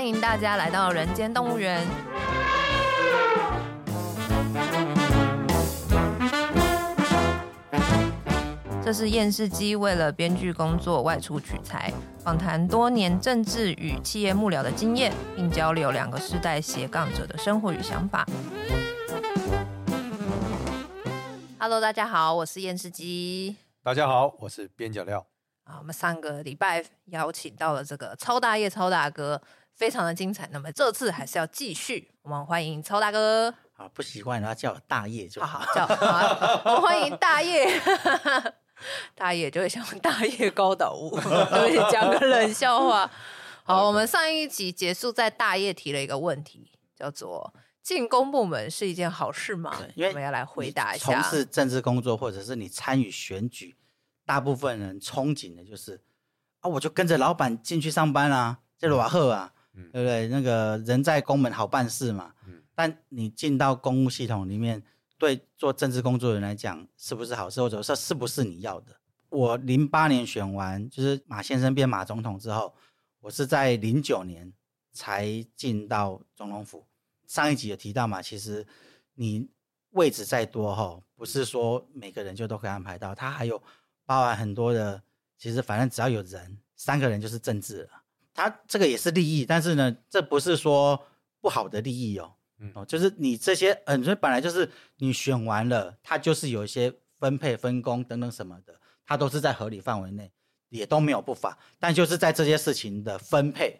歡迎大家來到人間動物園。這是厭世姬為了編劇工作外出取材，訪談多年政治與企業幕僚的經驗，並交流兩個世代斜槓者的生活與想法。Hello，大家好，我是厭世姬。大家好，我是邊角料。啊，我們上個禮拜邀請到了這個操大業超大哥。非常的精彩。那麼這次還是要繼續，我們歡迎操大哥。啊，不習慣他叫大業就好，啊，好叫，啊。 我們歡迎大業， 大業就會想大業高島屋， 對不起，講個冷笑話。好，okay. 我們上一集結束，在大業提了一個問題，叫做“進公部門是一件好事嗎？”我們要來回答一下。從事政治工作或者是你參與選舉，大部分人憧憬的就是啊、哦，我就跟着老板進去上班啊，這在瓦赫啊。對不對？那個人在公門好辦事嘛。嗯，但你進到公務系統裡面，對做政治工作的人來講，是不是好事？或者說，是不是你要的？我零八年選完，就是馬先生變馬總統之後，我是在零九年才進到總統府。上一集有提到嘛，其實你位置再多哈，不是說每個人就都可以安排到。他還有包含很多的，其實反正只要有人，三個人就是政治了。他這個也是利益，但是呢，這不是說不好的利益哦，嗯哦，就是你這些，嗯、呃，這本來就是你選完了，它就是有一些分配、分工等等什麼的，它都是在合理範圍內，也都沒有不法，但就是在這些事情的分配，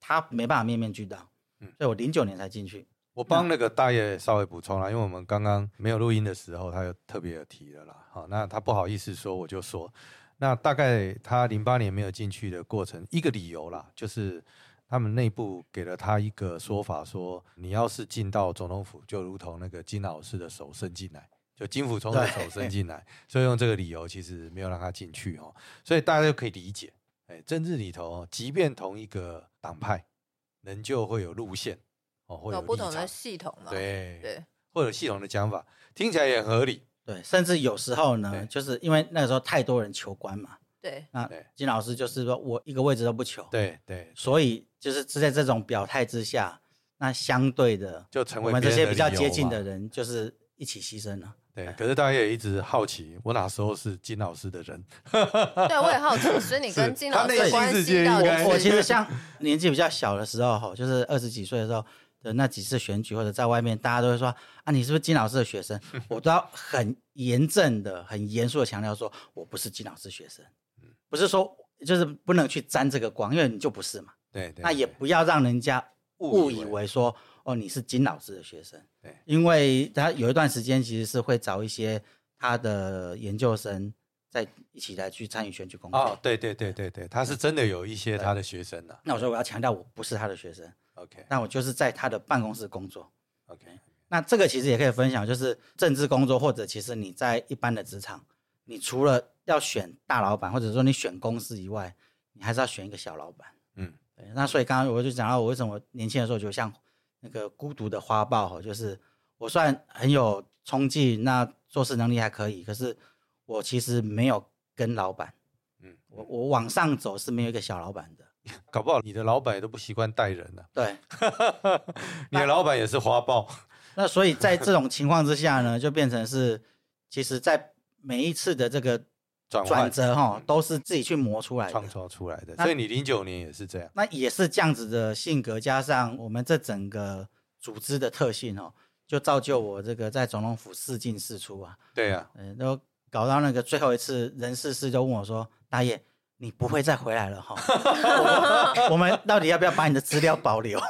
他沒辦法面面俱到。嗯，所以我零九年才進去，我幫那個大爺稍微補充了、嗯，因為我們剛剛沒有錄音的時候，他就特別有提了啦。好、哦，那他不好意思說，我就說。那大概他零八年沒有進去的過程，一個理由啦，就是他們內部給了他一個說法，說你要是進到總統府，就如同那個金老師的手伸進來，就金溥聰的手伸進來，所以用這個理由其實沒有讓他進去哦，所以大家就可以理解，哎，政治裡頭，即便同一個黨派，仍舊會有路線哦，會有不同的系統嘛，對對，或者系統的講法，聽起來也很合理。對，甚至有時候呢，就是因為那個時候太多人求官嘛。對，那金老師就是說，我一個位置都不求。對對，對。所以就是是在這種表態之下，那相對的就成為我們這些比較接近的人，就是一起犧牲了啊。對，可是大家也一直好奇，我哪時候是金老師的人？ 對，我也好奇，所以你跟金老師的關係到的，我我其實像年紀比較小的時候，哈，就是二十幾歲的時候，的那幾次選舉，或者在外面，大家都會說啊，你是不是金老師的學生？ 我都要很嚴正的、很嚴肅的強調，說我不是金老師學生，不是說就是不能去沾這個光，因為你就不是嘛。對對,對,對。那也不要讓人家誤以為說以為哦，你是金老師的學生。對。因為他有一段時間其實是會找一些他的研究生在一起來去參與選舉工作、哦。對對對對對，他是真的有一些他的學生的。那我說我要強調，我不是他的學生。OK，那我就是在他的辦公室工作。OK，那這個其實也可以分享，就是政治工作或者其實你在一般的職場，你除了要選大老板，或者說你選公司以外，你還是要選一個小老板。嗯，對。那所以剛剛我就講到，我為什麼年輕的時候就像那個孤獨的花豹哈，就是我算很有衝勁，那做事能力還可以，可是我其實沒有跟老板，嗯，我我往上走是沒有一個小老板的。搞不好你的老闆都不習慣帶人呢、啊。對， 你的老闆也是花豹那。 那所以在這種情況之下呢，就變成是，其實，在每一次的這個轉折哈，都是自己去磨出來的、創造出來的。所以你零九年也是這樣。那也是這樣子的性格，加上我們這整個組織的特性哦、喔，就造就我這個在總統府四進四出啊。對啊，嗯，都搞到那個最後一次人事室就問我說：“大業”。你不會再回來了哈， 我們到底要不要把你的資料保留？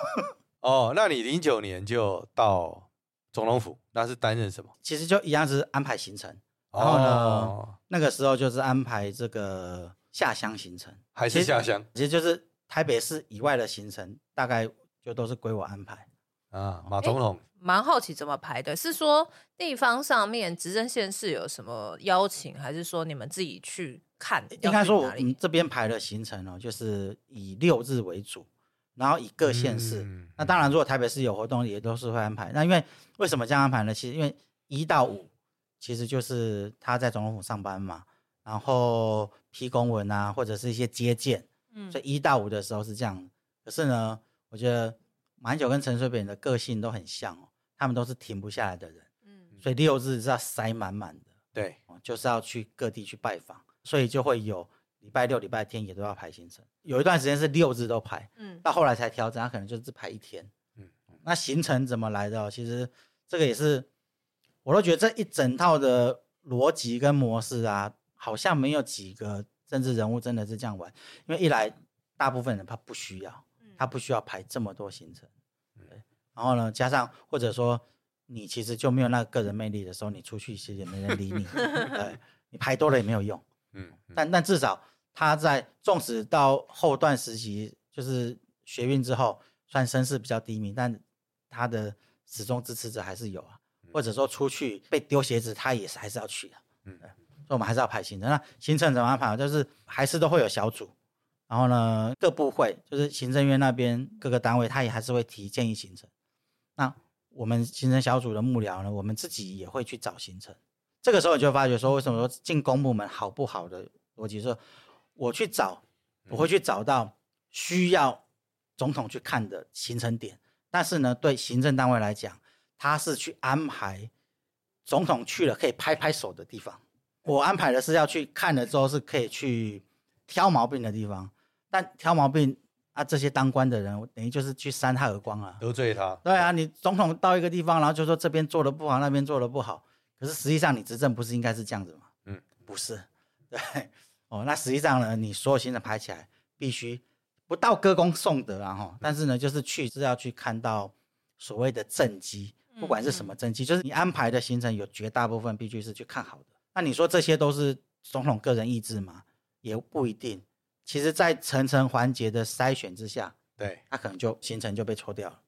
哦，那你零九年就到總統府，那是擔任什麼？其實就一樣就是安排行程，oh. 然後呢，oh. 那個時候就是安排這個下鄉行程，還是下鄉？其實就是台北市以外的行程，大概就都是歸我安排。啊，馬總統蠻、欸、好奇怎麼排的，是說地方上面執政縣市有什麼邀請，還是說你們自己去看去？應該說我們這邊排的行程哦、喔，就是以六日為主，然後以各縣市、嗯。那當然，如果台北市有活動，也都是會安排、嗯。那因為為什麼這樣安排呢？其實因為一到五其實就是他在總統府上班嘛，然後批公文啊，或者是一些接見，嗯、所以一到五的時候是這樣。可是呢，我覺得。馬英九跟陳水扁的個性都很像哦，他們都是停不下來的人，嗯、所以六日是要塞滿滿的，對，就是要去各地去拜訪，所以就會有禮拜六、禮拜天也都要排行程，有一段時間是六日都排、嗯，到後來才調整，他可能就是只排一天、嗯，那行程怎麼來的、哦？其實這個也是，我都覺得這一整套的邏輯跟模式啊，好像沒有幾個政治人物真的是這樣玩，因為一來大部分人他不需要。他不需要排這麼多行程，然後呢，加上或者說你其實就沒有那個個人魅力的時候，你出去其實也沒人理你，對、 呃，你排多了也沒有用，嗯。 但但至少他在，縱使到後段時期，就是學運之後，算聲勢比較低迷，但他的始終支持者還是有啊。或者說出去被丟鞋子，他也是還是要去的、啊，嗯。所以我們還是要排行程，那行程怎麼排？就是還是都會有小組。然後呢，各部會就是行政院那邊各個單位，他也還是會提建議行程。那我們行程小組的幕僚呢，我們自己也會去找行程。這個時候你就發覺說，為什麼說進公部門好不好的邏輯是，我，我去找，我會去找到需要總統去看的行程點。但是呢，對行政單位來講，他是去安排總統去了可以拍拍手的地方。我安排的是要去看了之後是可以去挑毛病的地方。但挑毛病啊，這些當官的人等於就是去扇他耳光啊，得罪他。對啊，你總統到一個地方，然後就說這邊做的不好，那邊做的不好，可是實際上你執政不是應該是這樣子嗎？嗯，不是，對哦。那實際上呢，你所有行程排起來，必須不到歌功頌德啊哈。但是呢，就是去是要去看到所謂的政績，不管是什麼政績，嗯，就是你安排的行程有絕大部分必須是去看好的。那你說這些都是總統個人意志嗎？也不一定。其實，在層層環節的篩選之下，對他、啊、可能就行程就被抽掉了。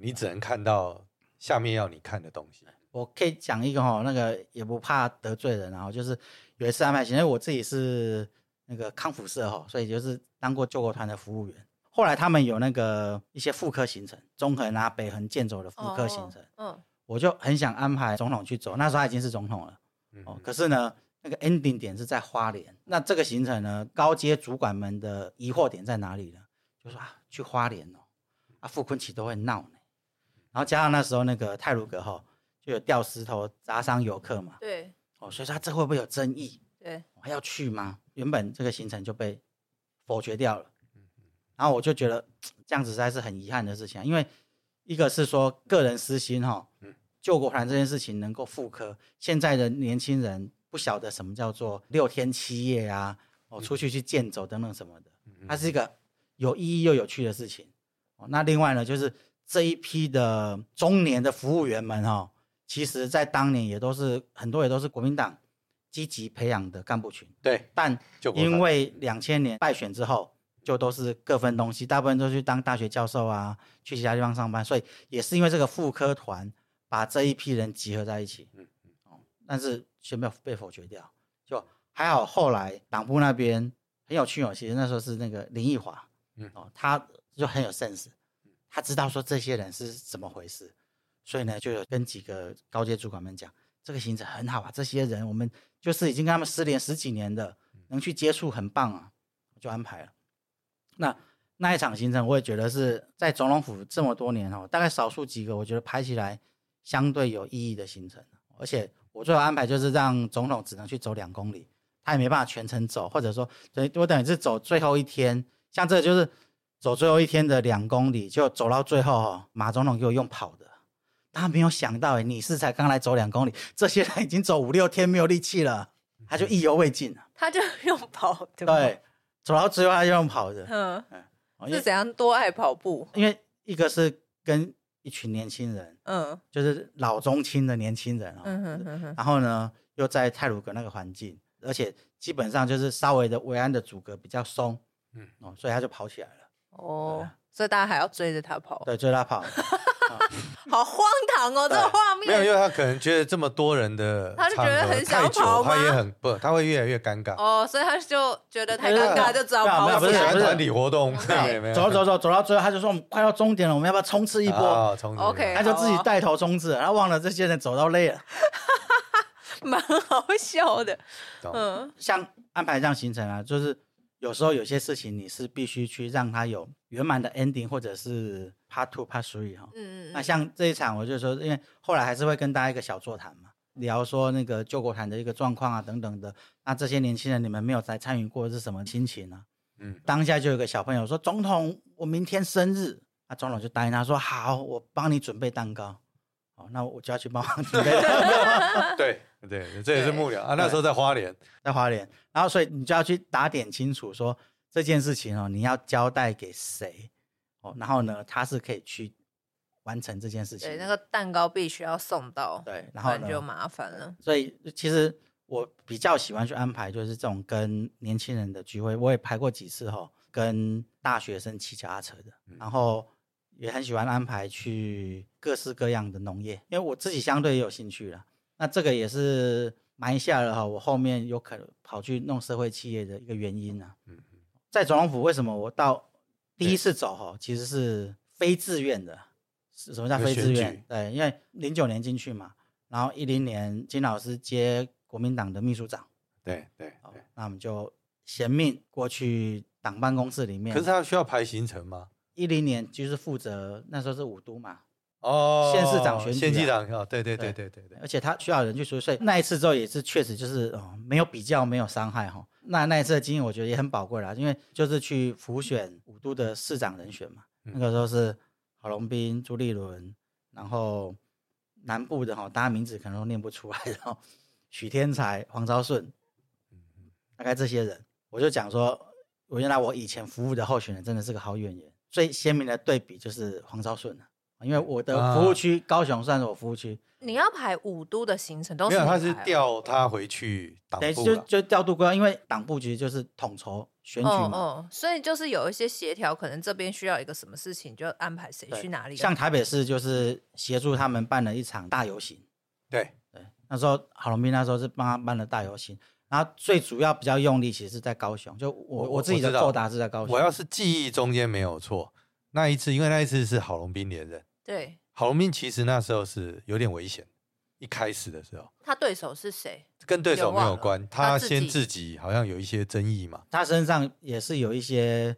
你只能看到下面要你看的東西。嗯、我可以講一個哈、哦，那個也不怕得罪人啊，就是有一次安排行程，因為我自己是那個康輔社哈、哦，所以就是當過救國團的服務員。後來他們有那個一些復刻行程，中橫啊、北橫健走的復刻行程，oh, oh, oh. 我就很想安排總統去走，那時候他已經是總統了，嗯、哦，可是呢。這個 ending 點是在花蓮，那這個行程呢？高階主管們的疑惑點在哪裡呢？就說啊，去花蓮哦，啊富坤琪都會鬧，然後加上那時候那個太魯閣哈、哦、就有掉石頭砸傷遊客嘛，對哦，所以說、啊、這會不會有爭議？對還、哦、要去嗎？原本這個行程就被否決掉了，然後我就覺得這樣子實在是很遺憾的事情，因為一個是說個人私心哈、哦，救國團這件事情能夠復刻，現在的年輕人。不曉得什麼叫做六天七夜啊，哦，出去去健走等等什麼的，它是一個有意義又有趣的事情。哦，那另外呢，就是這一批的中年的服務員們、哦，哈，其實在當年也都是很多也都是國民黨積極培養的幹部群。對，但因為兩千年敗選之後，就都是各分東西，大部分都去當大學教授啊，去其他地方上班。所以也是因為這個婦科團把這一批人集合在一起。嗯、哦、嗯，但是。卻沒有被否決掉，就還好。後來黨部那邊很有趣，哦，其實那時候是那個林奕華、嗯，哦，他就很有 sense，他知道說這些人是怎麼回事，所以呢，就有跟幾個高階主管們講，這個行程很好啊，這些人我們就是已經跟他們失聯十幾年的，能去接觸很棒啊，就安排了。那那一場行程，我也覺得是在總統府這麼多年哦，大概少數幾個我覺得排起來相對有意義的行程，而且。我最後安排就是讓總統只能去走兩公里，他也沒辦法全程走，或者說，等於我等於是走最後一天，像這就是走最後一天的兩公里，就走到最後哈、喔。馬總統給我用跑的，他沒有想到、欸、你是才剛來走兩公里，這些人已經走五六天沒有力氣了，他就意猶未盡，他就用跑，對吧？對，走到最後他就用跑的，嗯嗯，是怎樣多愛跑步？因為一個是跟。一群年輕人，嗯，就是老中青的年輕人啊、喔，嗯哼哼哼然後呢，又在太魯閣那個環境，而且基本上就是稍微的維安的阻隔比較鬆，嗯，哦、喔，所以他就跑起來了，哦，啊、所以大家還要追着他跑，對，追他跑。 嗯 好荒唐哦，這個畫面沒有，因為他可能覺得這麼多人的，他就覺得很想跑，他也很不，他會越來越尷尬哦，oh, 所以他就覺得太尷尬，就知道跑。沒有，不是喜歡團體活動，沒有，沒有，他他沒有沒有走走走走到最後，他就說我們快到終點了，我們要不要衝刺一波？啊，衝刺一波 okay, 他就自己帶頭衝刺，然後、哦、忘了這些人走到累了，哈哈，蠻好笑的。嗯，像安排這樣行程啊，就是有時候有些事情你是必須去讓他有圓滿的 ending，或者是。Part two, Part three，嗯嗯，那像這一場，我就說，因為後來還是會跟大家一個小座談嘛，聊說那個救國團的一個狀況啊，等等的。那這些年輕人，你們沒有再參與過是什麼心情呢、啊？嗯，當下就有個小朋友說：“總統，我明天生日。”啊總統就答應他說：“好，我幫你準備蛋糕。”好，那我就要去幫忙準備蛋糕。 對對，這也是幕僚啊，那時候在花蓮，在花蓮。然後，所以你就要去打點清楚說，說這件事情哦、喔，你要交代給誰？然後呢，他是可以去完成這件事情。對，那個蛋糕必須要送到。對，然後呢，不然就麻煩了。所以其實我比較喜歡去安排，就是這種跟年輕人的聚會，我也拍過幾次哈、哦，跟大學生騎腳踏車的，然後也很喜歡安排去各式各樣的農業，因為我自己相對也有興趣了。那這個也是埋下了哈，我後面有可能跑去弄社會企業的一個原因啊。嗯嗯，在總統府為什麼我到？第一次走哈，其實是非自願的。是什麼叫非自願？對，因為零九年進去嘛，然後一零年金老師接國民黨的秘書長。對對對，那我們就銜命過去黨辦公室裡面。可是他需要排行程嗎？一零年就是負責那時候是五都嘛，哦，縣市長選舉。縣市長啊，長對對對對對對。而且他需要人去熟悉。那一次之後也是確實就是哦，沒有比較，沒有傷害哈。哦那那一次的經驗，我覺得也很寶貴啦，因為就是去輔選五都的市長人選嘛。嗯、那個時候是郝龍斌、朱立倫，然後南部的哈，大家名字可能都念不出來的，然後許添財、黃昭順、嗯嗯，大概這些人，我就講說，我原來我以前服務的候選人真的是個好演員。最鮮明的對比就是黃昭順啊因為我的服務區、嗯、高雄算是我服務區，你要排五都的行程都，啊，沒有，他是調他回去黨部，等於就就調度過，因為黨部其實就是統籌選舉嘛，哦哦，所以就是有一些協調，可能這邊需要一個什麼事情，就安排誰去哪裡，啊。像台北市就是協助他們辦了一場大遊行，對對，那時候郝龍斌那時候是幫他辦了大遊行，然後最主要比較用力其實是在高雄，就我我，我自己的作答是在高雄我，我要是記憶中間沒有錯，那一次因為那一次是郝龍斌連任。對，郝龍斌其實那時候是有點危險，一開始的時候。他對手是誰？跟對手沒有關他，他先自己好像有一些爭議嘛。他身上也是有一些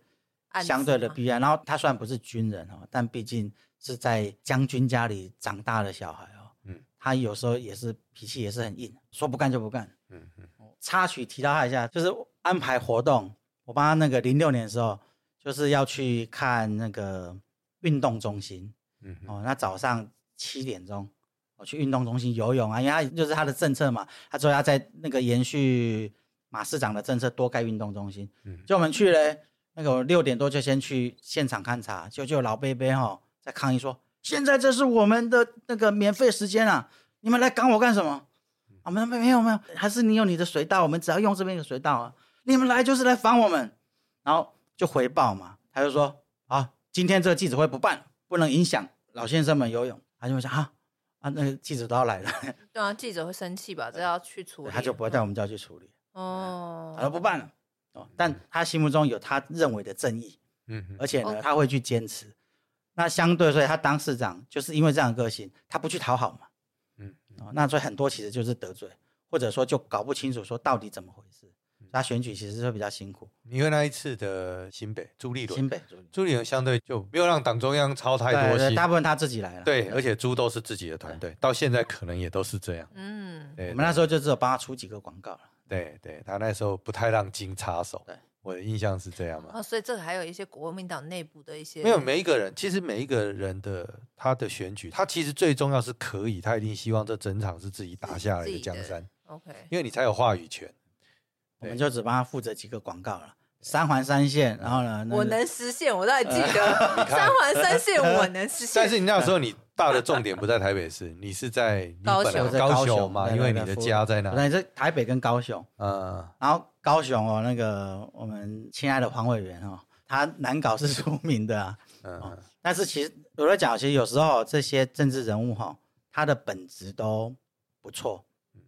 相對的弊案，然後他雖然不是軍人哦，但畢竟是在將軍家裡長大的小孩哦。嗯。他有時候也是脾氣也是很硬，說不幹就不幹。嗯嗯。插曲提到他一下，就是安排活動，我幫他那個零六年的時候就是要去看那個運動中心。嗯哦，那早上七點鐘我、哦、去運動中心游泳啊，因為他就是他的政策嘛，他說要在那個延續馬市長的政策，多蓋運動中心，叫、嗯、我們去嘞。那個六點多就先去現場勘察，就就老伯伯哈在抗議說：“現在這是我們的那個免費時間啊，你們來趕我幹什麼？”我們沒沒有沒有，還是你有你的水道，我們只要用這邊的水道啊，你們來就是來煩我們。然後就回報嘛，他就說：“啊，今天這個記者會不辦。”不能影響老先生們游泳，他就會想啊啊，那記者都要來了，對啊，記者會生氣吧？這要去處理，他就不會帶我們家去處理哦、嗯，他說不辦了哦。但他心目中有他認為的正義，嗯，而且呢，他會去堅持、哦。那相對，所以他當市長就是因為這樣的個性，他不去討好嘛，嗯、哦，那所以很多其實就是得罪，或者說就搞不清楚說到底怎麼回事。那選舉其實是比較辛苦，因為那一次的新北朱立倫，新北朱立倫相對就沒有讓黨中央操太多心，大部分他自己來了，對，對對而且朱都是自己的團隊，到現在可能也都是這樣，嗯，對，對，對，我們那時候就只有幫他出幾個廣告了，對，對，對他那時候不太讓金插手，對，我的印象是這樣嘛，啊、哦，所以這個還有一些國民黨內部的一些，沒有每一個人，其實每一個人的他的選舉，他其實最重要是可以，他一定希望這整場是自己打下來的江山的，OK，因為你才有話語權。我們就只幫他負責幾個廣告了，三環三線，然後呢？我能實現，我都還記得 三環三線， 我能實現。但是你那時候你大的重點不在台北市， 你是在高雄高雄嘛，就是？因為你的家在哪裡。那在台北跟高雄，嗯、呃，然後高雄哦、喔，那個我們親愛的黃委員哦、喔，他難搞是出名的、啊，嗯、呃喔。但是其實我在講，其實有時候這些政治人物哈、喔，他的本質都不錯，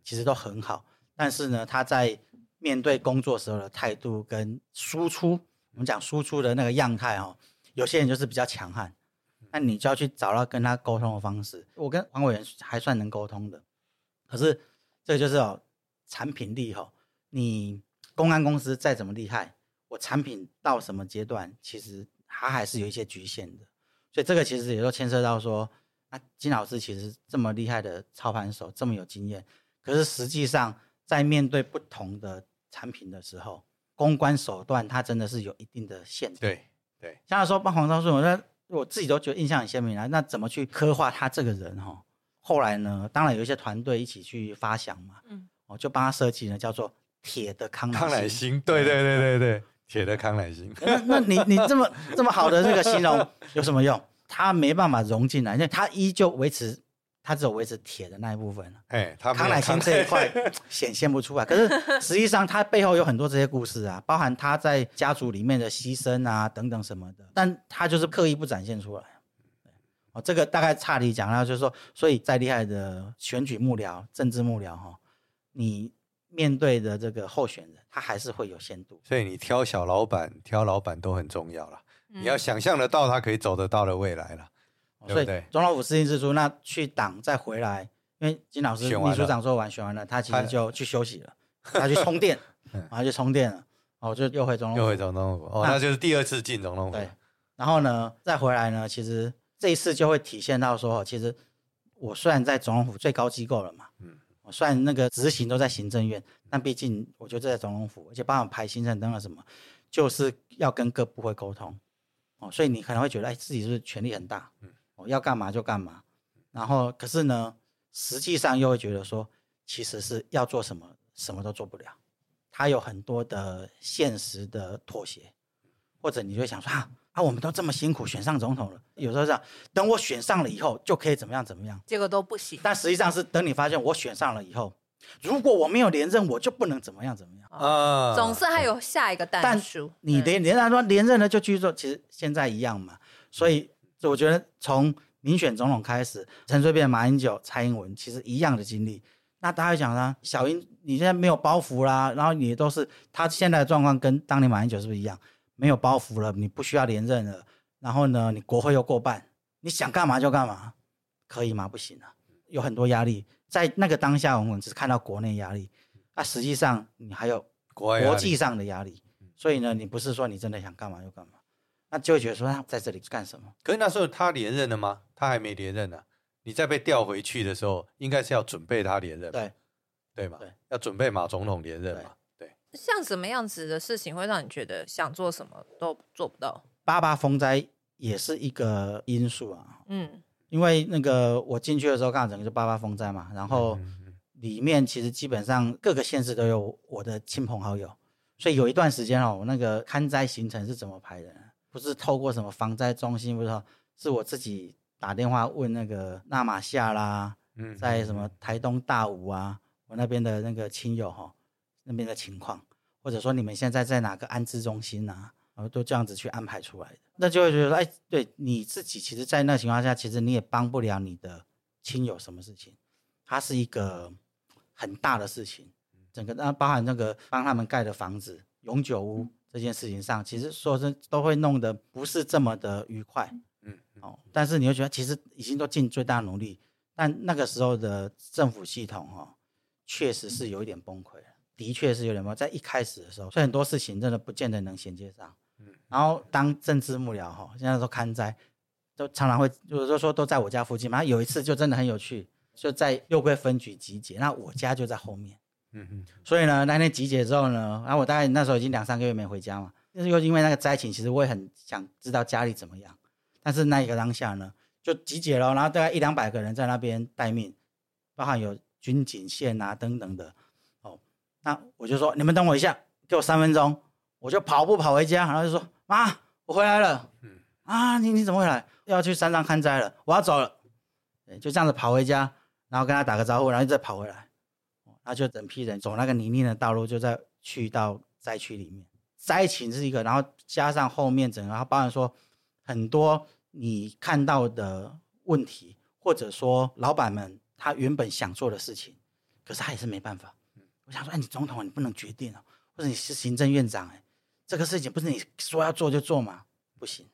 其實都很好，但是呢，他在。面對工作時候的態度跟輸出，我們講輸出的那個樣態哦，有些人就是比較強悍，那你就要去找到跟他溝通的方式。我跟黃委員還算能溝通的，可是這個就是哦，產品力哦。你公安公司再怎麼厲害，我產品到什麼階段，其實它還是有一些局限的。所以這個其實也都牽涉到說，那、啊、金老師其實這麼厲害的操盤手，這麼有經驗，可是實際上在面對不同的。產品的時候，公關手段它真的是有一定的限制。對對，像他說幫黃昭順，我我自己都覺得印象很鮮明啊。那怎麼去刻畫他這個人哈？後來呢，當然有一些團隊一起去發想嘛。我、嗯、就幫他設計呢，叫做“鐵的康乃馨”康乃馨。對對對對對，鐵 的康乃馨。 那你你這麼這麼好的這個形容有什麼用？他沒辦法融進來，因為他依舊維持。他只有維持鐵的那一部分，哎、欸，康乃馨這一塊顯現不出來。 可是實際上，他背後有很多這些故事啊，包含他在家族裡面的犧牲啊等等什麼的，但他就是刻意不展現出來。哦，這個大概差題講到就是說，所以再厲害的選舉幕僚、政治幕僚哈、哦，你面對的這個候選人，他還是會有限度。所以你挑小老闆、挑老闆都很重要了、嗯，你要想象得到他可以走得到的未來了。對對所以總統府四進四出，那去黨再回來，因為金老師秘書長說完選完了，他其實就去休息了，他去充電，然後去充電, 然後就充電了，哦，就又回總統府，又回總統府，哦那，那就是第二次進總統府。對，然後呢，再回來呢，其實這一次就會體現到說，其實我雖然在總統府最高機構了嘛，嗯，我雖然那個執行都在行政院，嗯、但畢竟我就在總統府，而且幫我排行程燈了什麼，就是要跟各部會溝通，哦，所以你可能會覺得，哎，自己是不是權力很大？嗯。要幹嘛就幹嘛，然後可是呢，實際上又會覺得說，其實是要做什麼，什麼都做不了。他有很多的現實的妥協，或者你就想說啊啊，我們都這麼辛苦，選上總統了，有時候想等我選上了以後就可以怎麼樣怎麼樣，結果都不行。但實際上是等你發現我選上了以後，如果我沒有連任，我就不能怎麼樣怎麼樣、哦、呃，總是還有下一個但書。但你連人家說連任了就去做，其實現在一樣嘛，所以。嗯所以我覺得從民選總統開始，陳水扁、馬英九、蔡英文其實一樣的經歷。那大家想呢，小英，你現在沒有包袱啦，然後你都是，他現在的狀況跟當年馬英九是不是一樣？沒有包袱了，你不需要連任了，然後呢，你國會又過半，你想幹嘛就幹嘛，可以嗎？不行啊，有很多壓力。在那個當下，我們只是看到國內壓力，那實際上你還有國際上的壓力，國外壓力，所以呢，你不是說你真的想幹嘛就幹嘛。那就會覺得說他在這裡幹什麼？可是那時候他連任了嗎？他還沒連任呢、啊。你再被調回去的時候，應該是要準備他連任。對，對嘛？對，要準備馬總統連任對，對。像什麼樣子的事情會讓你覺得想做什麼都做不到？八八風災也是一個因素啊。嗯，因為那個我進去的時候剛好整個是八八風災嘛，然後裡面其實基本上各個縣市都有我的親朋好友，所以有一段時間哦、喔，那個勘災行程是怎麼排的？不是透過什麼防災中心，不是，是我自己打電話問那個納瑪夏啦、嗯，在什麼台東大武啊，我那邊的那個親友哈，那邊的情況，或者說你們現在在哪個安置中心啊，然後都這樣子去安排出來的，那就會覺得說，哎、欸，對你自己，其實，在那情況下，其實你也幫不了你的親友什麼事情，它是一個很大的事情，整個那、啊、包含那個幫他們蓋的房子，永久屋。嗯這件事情上，其實說真都會弄得不是這麼的愉快，嗯，哦，但是你會覺得其實已經都盡最大努力，但那個時候的政府系統哦，確實是有一點崩潰，的確是有點崩潰。在一開始的時候，所以很多事情真的不見得能銜接上，然後當政治幕僚哈，現在說勘災，都常常會，我就是說都在我家附近嘛。有一次就真的很有趣，就在六龜分局集結，那我家就在後面。嗯哼，所以呢，那天集結之後呢，然後，啊，我大概那時候已經兩三個月沒回家嘛，但又因為那個災情，其實我也很想知道家裡怎麼樣。但是那一個當下呢，就集結了，然後大概一兩百個人在那邊待命，包含有軍警憲啊等等的。哦，那我就說，你們等我一下，給我三分鐘，我就跑步跑回家，然後就說：“媽，我回來了。嗯”嗯啊，你你怎麼回來？又要去山上看災了，我要走了。就這樣子跑回家，然後跟他打個招呼，然後就再跑回來。他就整批人走那個泥濘的道路，就在去到災區裡面。災情是一個，然後加上後面整個，然後包含說很多你看到的問題，或者說老闆們他原本想做的事情，可是他也是沒辦法。我想說，哎，你總統你不能決定哦，啊，或者你是行政院長，欸，哎，這個事情不是你說要做就做嗎？不行，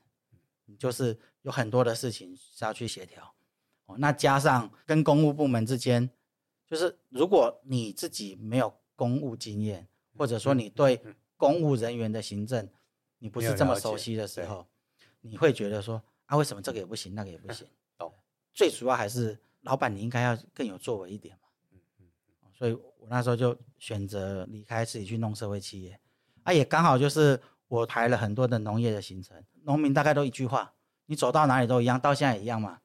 你就是有很多的事情是要去協調。哦，那加上跟公務部門之間。就是如果你自己沒有公務經驗，或者說你對公務人員的行政，你不是這麼熟悉的時候，你會覺得說啊，為什麼這個也不行，那個也不行？哦。最主要還是老闆，你應該要更有作為一點嘛。所以我那時候就選擇離開自己去弄社會企業，啊，也剛好就是我排了很多的農業的行程，農民大概都一句話，你走到哪裡都一樣，到現在也一樣嘛。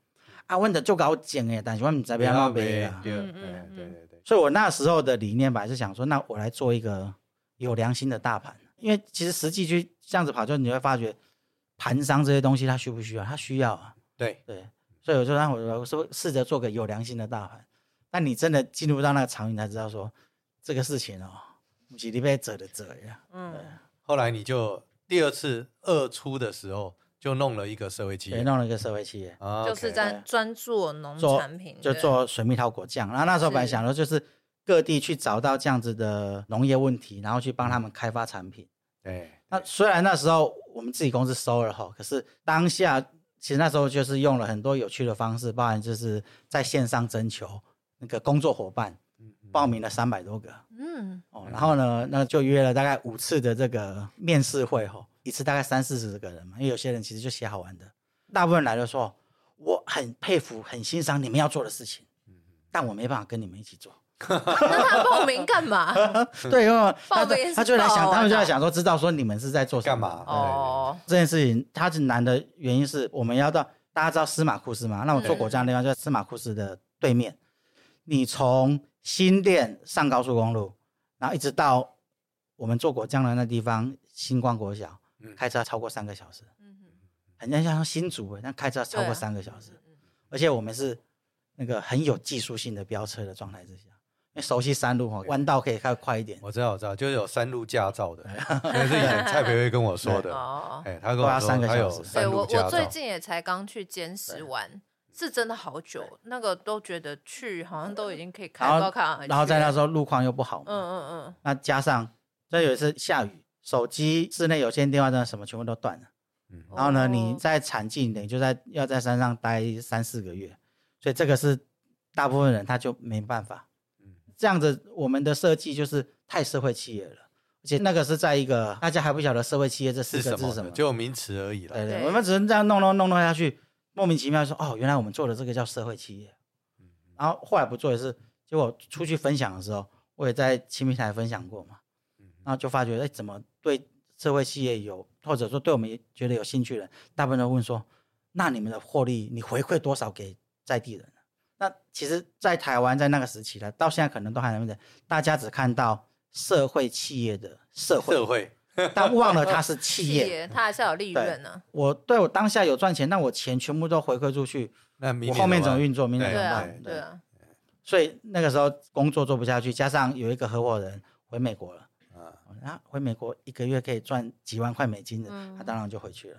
啊，問的就高精哎，但問你這邊啊，對對對對對。所以，我那時候的理念本來，是想說，那我來做一個有良心的大盤。因為其實實際去這樣子跑，就你會發覺盤商這些東西，他需不需要？他需要啊。對對。所以我，就我就說我說試着做個有良心的大盤。但你真的進入到那個場景才知道說這個事情哦、喔，幾粒被折的折呀。嗯。後來你就第二次二出的時候。就弄了一個社會企業，也弄了一個社會企業，啊、就是在專注農產品，就做水蜜桃果醬。然後那時候本來想說，就是各地去找到這樣子的農業問題，然後去幫他們開發產品。對，對那雖然那時候我們自己公司收了後，可是當下其實那時候就是用了很多有趣的方式，包含就是在線上徵求那個工作夥伴，報名了三百多個。嗯哦，然後呢，那就約了大概五次的這個面試會吼，一次大概三四十個人嘛，因為有些人其實就寫好玩的，大部分來的時候，我很佩服、很欣賞你們要做的事情，嗯、但我沒辦法跟你們一起做。 那他報名幹嘛？對 哦， 他他就來想，他們就在想說，知道說你們是在做什麼幹嘛、嗯？哦，這件事情它是難的原因是我們要到大家知道司馬庫斯嘛，那我做果醬的地方、嗯、就在司馬庫斯的對面，你從，新店上高速公路，然後一直到我們坐過江南的地方，新光國小，嗯、開車超過三個小時，嗯、很像像新竹，但開車超過三個小時、啊，而且我們是那個很有技術性的飆車的狀態之下，因為熟悉山路彎道可以開快,快一點。我知道，我知道，就是有山路駕照的，這是也蔡培慧跟我說的。哦，哎、欸，他跟我說，我要三個小時他有山路駕照。對我我最近也才剛去監視完。是真的好久，那個都覺得去好像都已經可以開，然後在那時候路況又不好，嗯嗯嗯，那加上再有一次下雨，手機、室內有線電話站什麼全部都斷了，嗯、然後呢、哦、你在殘境，等於就在要在山上待三四個月，所以這個是大部分人他就沒辦法，嗯，這樣子我們的設計就是太社會企業了，而且那個是在一個大家還不曉得社會企業這四個字什麼，是什麼，就名詞而已了，對對，我們只能這樣弄弄弄弄下去。莫名其妙說哦，原來我們做的這個叫社會企業，然後後來不做也是。結果出去分享的時候，我也在青平台分享過嘛，然後就發覺哎，怎麼對社會企業有，或者說對我們覺得有興趣的人，大部分都問說，那你們的獲利你回饋多少給在地人啊？那其實，在台灣在那個時期呢到現在可能都還那麼大家只看到社會企業的社會。社會 但忘了它是企業，它還是有利潤呢、啊。我對我當下有賺錢，那我錢全部都回饋出去，那明、明我後面怎麼運作？明年怎麼辦？對啊，對啊對，所以那個時候工作做不下去，加上有一個合夥人回美國了，啊，啊回美國一個月可以賺幾萬塊美金的、嗯，他當然就回去了。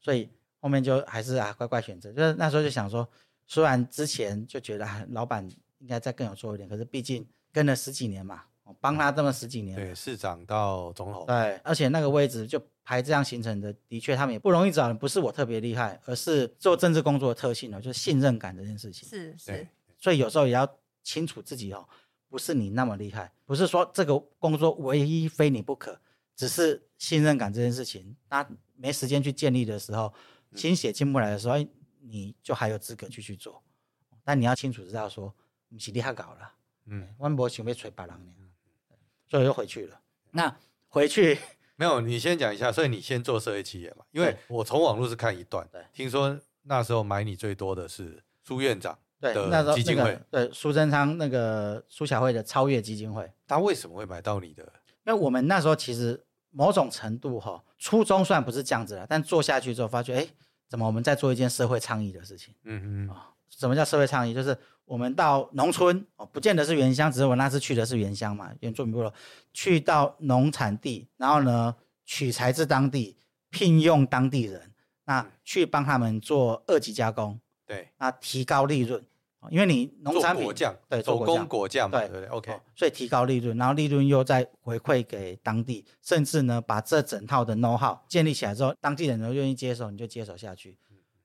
所以後面就還是啊，乖乖選擇，就是那時候就想說，雖然之前就覺得老闆應該再更有做一點，可是畢竟跟了十幾年嘛。幫他這麼十幾年、啊，對市長到總統，對，而且那個位置就排這樣形成的，的確他們也不容易找人，不是我特別厲害，而是做政治工作的特性呢，就是信任感這件事情。是，是，所以有時候也要清楚自己哦、喔，不是你那麼厲害，不是說這個工作唯一非你不可，只是信任感這件事情，那沒時間去建立的時候，心血進不來的時候，你就還有資格去去做，但你要清楚知道說，是你起厲害搞了，嗯，萬博前面吹白狼娘。所以就回去了。那回去沒有？你先講一下。所以你先做社會企業嘛？因為我從網絡是看一段，對，聽說那時候買你最多的是蘇院長，對，那時候基金會，對蘇貞昌那個蘇巧慧的超越基金會，他為什麼會買到你的？因為我們那時候其實某種程度哈，初衷算不是這樣子了，但做下去之後發覺，哎，怎麼我們在做一件社會倡議的事情？嗯嗯啊。哦什麼叫社會倡議？就是我們到農村哦，不見得是原鄉，只是我那次去的是原鄉嘛，原住民部落。去到農產地，然後呢，取材自當地，聘用當地人，那去幫他們做二級加工，對，那、啊、提高利潤，因為你農產品，對，做果醬，手工果醬，對，OK，所以提高利潤，然後利潤又再回饋給當地，甚至呢，把這整套的 know how 建立起來之後，當地人都願意接手，你就接手下去，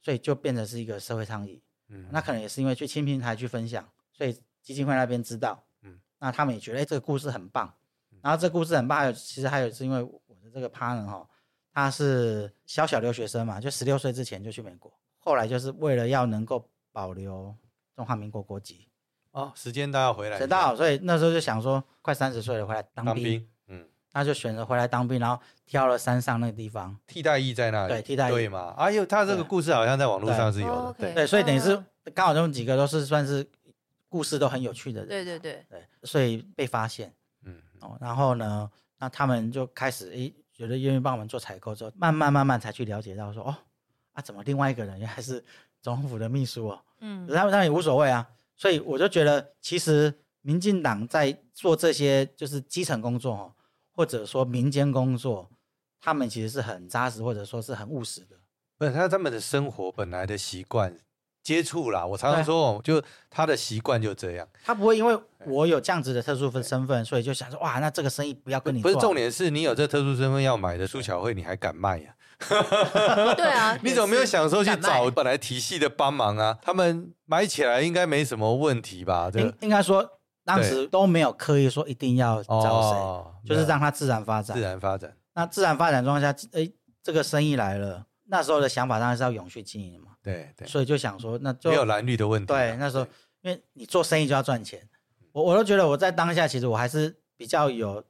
所以就變成是一個社會倡議。嗯，那可能也是因為去青平台去分享，所以基金會那邊知道，嗯，那他們也覺得，欸、這個故事很棒。嗯、然後這個故事很棒，還有其實還有是因為我的這個 partner 哈，他是小小留學生嘛，就十六歲之前就去美國，後來就是為了要能夠保留中華民國國籍，哦，時間都要回來，直到所以那時候就想說快三十歲了回來當兵。當兵他就選擇回來當兵，然後挑了山上那個地方，替代役在那裡，對替代役嘛。哎呦，啊、因為他這個故事好像在網絡上是有的，對，對 oh, okay. 對所以等於是剛好他們幾個都是算是故事都很有趣的人，對對對,對所以被發現，嗯、哦，然後呢，那他們就開始，哎，覺得願意幫我們做採購，之後慢慢慢慢才去了解到說，哦，啊，怎麼另外一個人原來是總統府的秘書哦，嗯，那他,們他們也無所謂啊。所以我就覺得，其實民進黨在做這些就是基層工作哦。或者說民間工作，他們其實是很扎實，或者說是很務實的。不是他他們的生活本來的習慣接觸啦，我常常說，哎、就他的習慣就這樣。他不會因為我有這樣子的特殊身身份，哎，所以就想說，哇，那這個生意不要跟你做。不是重點是你有這特殊身份要買的蘇巧慧，你還敢賣呀、啊？ 對啊，你怎麼沒有想說去找本來體系的幫忙啊？他們買起來應該沒什麼問題吧？應、哎這個、應該說。當時都沒有刻意說一定要找誰，就是讓它自然發展。自然發展。那自然發展狀況下，哎，這個生意來了，那時候的想法當然是要永續經營嘛。對對。所以就想說，那就沒有藍綠的問題、啊。對，那時候因為你做生意就要賺錢，我我都覺得我在當下其實我還是比較有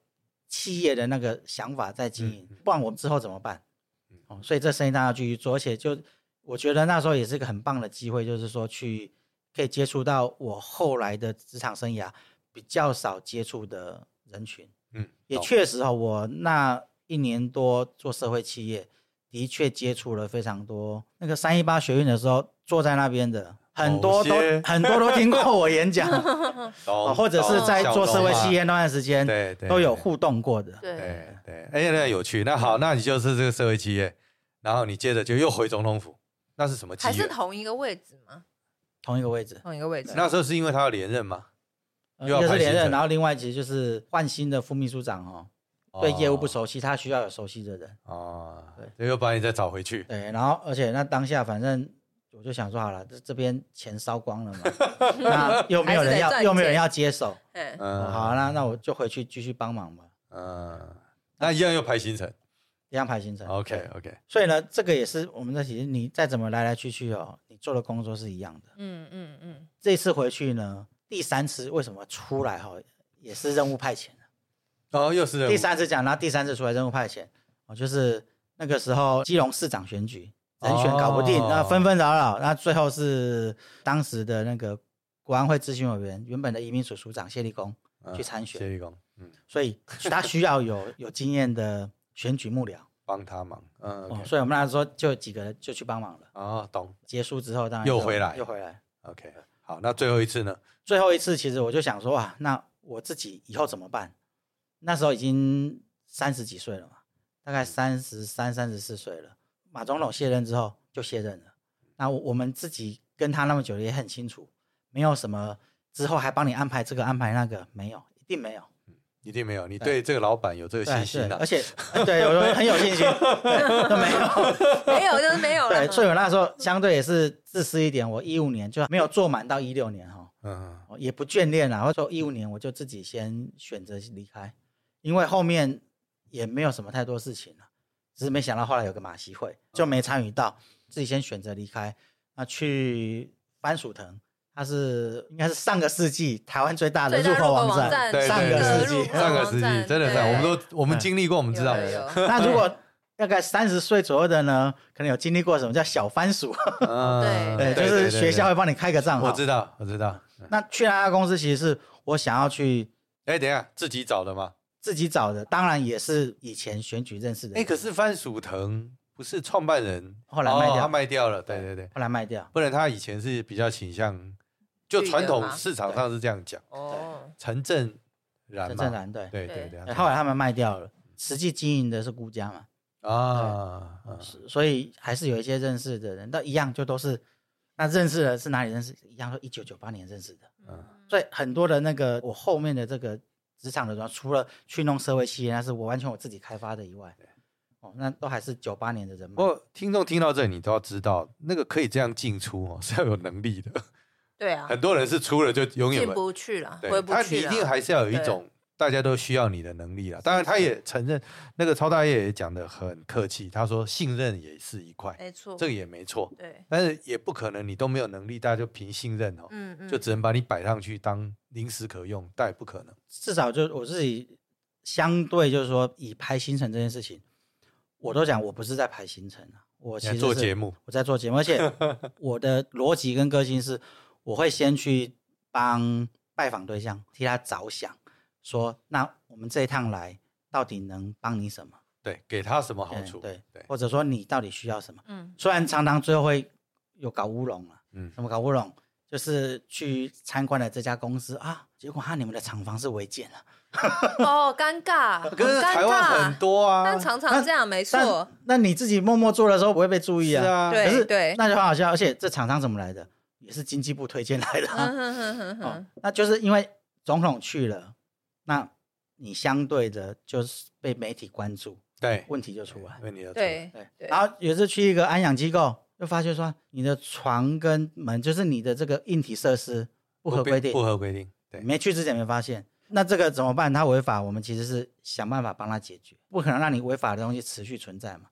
企業的那個想法在經營，嗯、不然我們之後怎麼辦、嗯嗯？所以這生意當然要繼續做，而且就我覺得那時候也是一個很棒的機會，就是說去。可以接觸到我後來的職場生涯比較少接觸的人群，嗯，也確實哈，我那一年多做社會企業，的確接觸了非常多。那個三一八學運的時候，坐在那邊的很多都很多都聽過我演講、 啊，或者是在做社會企業那段時間，都有互動過的，對對、對。哎，那有趣。那好，那你就是這個社會企業，然後你接着就又回總統府，那是什麼企業？還是同一個位置嗎？同一個位置，同一個位置。那時候是因為他要連任嗎？呃、又是連任，然後另外其實就是換新的副秘書長哦，對業務不熟悉，他需要有熟悉的人。哦，對，所以又把你再找回去。對，然後而且那當下反正我就想說好了，這這邊錢燒光了嘛， 那又沒有人要，又沒有人要接手。嗯，嗯，好，啊，那那我就回去繼續幫忙吧。嗯，那一樣又排行程。一樣排行程，OK OK，所以呢，這個也是我們在，其實你再怎麼來來去去哦，你做的工作是一樣的。嗯嗯嗯。這一次回去呢，第三次為什麼出來哈、哦嗯，也是任務派遣哦，又是任務第三次講，然後第三次出來任務派遣，哦，就是那個時候基隆市長選舉人選搞不定，那紛紛擾擾，那最後是當時的那個國安會諮詢委員原本的移民署署長謝立功、哦、去參選。謝立功，嗯，所以他需要有有經驗的。 選舉幕僚幫他忙。嗯、uh, okay.，oh, 所以我們那時候就幾個人就去幫忙了。哦、oh,，懂。結束之後當然又回來，又回來。OK，、yeah. 好，那最後一次呢？最後一次其實我就想說啊，那我自己以後怎麼辦？那時候已經三十幾歲了嘛，大概三十三、三十四歲了。Mm-hmm. 馬總統卸任之後就卸任了。那我們自己跟他那麼久了，也很清楚，沒有什麼之後還幫你安排這個安排那個，沒有，一定沒有。一定沒有，你對這個老板有這個信心的，而且、欸、對我很有信心，都 沒有， 沒有就是沒有了對。所以我那時候相對也是自私一點，我一五年就沒有做滿到一六年哈，嗯，也不眷戀了，然後說一五年我就自己先選擇離開，因為後面也沒有什麼太多事情了、啊，只是沒想到後來有個馬習會就沒參與到、嗯，自己先選擇離開，那、啊、去番薯藤。他是應該是上個世紀台灣最大的入口網站,口站對對對，上個世紀上個世紀真的是，我們都,對對對我,們都我們經歷過，我們知道，那如果大概三十歲左右的呢，可能有經歷過什麼叫小番薯？ 對,對,對,對, 對，就是學校會幫你開個賬號對對對對。我知道，我知道。那去那家公司其實是我想要去。哎、欸，等一下，自己找的嗎？自己找的，當然也是以前選舉認識的人。哎、欸，可是番薯藤不是創辦人，後來賣掉，哦、賣掉了。對,對對對，後來賣掉。不然他以前是比較傾向。就傳統市場上是這樣講，陳正然嘛，對對對，對，後來他們賣掉了，嗯、實際經營的是顧家嘛，啊、嗯，所以還是有一些認識的人，但一樣就都是那認識的是哪裡認識一樣，都一九九八年認識的、嗯，所以很多的那個我後面的這個職場的，除了去弄社會企業，那是我完全我自己開發的以外，對哦，那都還是九八年的人嘛。不過，聽眾聽到這裡，你都要知道，那個可以這樣進出哦、喔，是要有能力的。對啊，很多人是出了就永遠回不去了，回不，不去了。他一定還是要有一種大家都需要你的能力了。當然，他也承認，那個操大業也講得很客氣，他說信任也是一塊，沒錯，這個也沒錯。對，但是也不可能你都沒有能力，大家就憑信任哦，嗯嗯，就只能把你擺上去當臨時可用，但也不可能。至少就我自己，相對就是說，以拍行程這件事情，我都講我不是在拍行程，我其實是我在做節目，我在做節目，而且我的邏輯跟個性是。我會先去幫拜訪對象，替他着想，說，那我們這一趟來到底能幫你什麼？對，給他什麼好處？對對，對，或者說你到底需要什麼？嗯，雖然常常最後會有搞烏龍了，嗯，什麼搞烏龍？就是去參觀了這家公司、嗯、啊，結果哈你們的廠房是違建了、啊，哦，尷尬，可 是台灣很多啊很，但常常這樣沒錯。那你自己默默做的時候不會被注意啊？是啊，對，可是對那就很好笑，而且這廠商怎麼來的？也是經濟部推薦來的、啊嗯哼哼哼哼，哦，那就是因為總統去了，那你相對的就是被媒體關注，對，問題就出來了，問題就出來了對對，然後有一次去一個安養機構，就發現說你的床跟門，就是你的這個硬體設施不合規定，不，不合規定，對，沒去之前沒發現，那這個怎麼辦？他違法，我們其實是想辦法幫他解決，不可能讓你違法的東西持續存在嘛，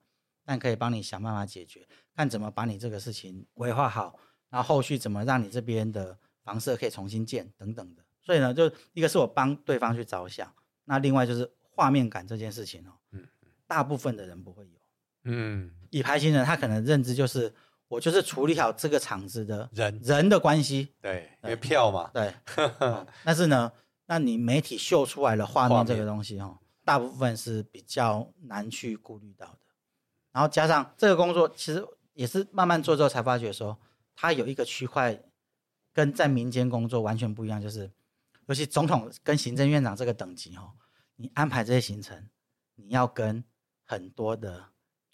但可以幫你想辦法解決，看怎麼把你這個事情規劃好。然後後續怎麼讓你這邊的房舍可以重新建等等的，所以呢，就一個是我幫對方去着想，那另外就是畫面感這件事情哦，大部分的人不會有，嗯，以排新人他可能認知就是我就是處理好這個場子的人人,人的關係對，對，因為票嘛對，對、 嗯，但是呢，那你媒體秀出來的畫面這個東西哦，大部分是比較難去顧慮到的，然後加上這個工作其實也是慢慢做之後才發覺說。他有一個區塊，跟在民間工作完全不一樣。就是，尤其總統跟行政院長這個等級哦，你安排這些行程，你要跟很多的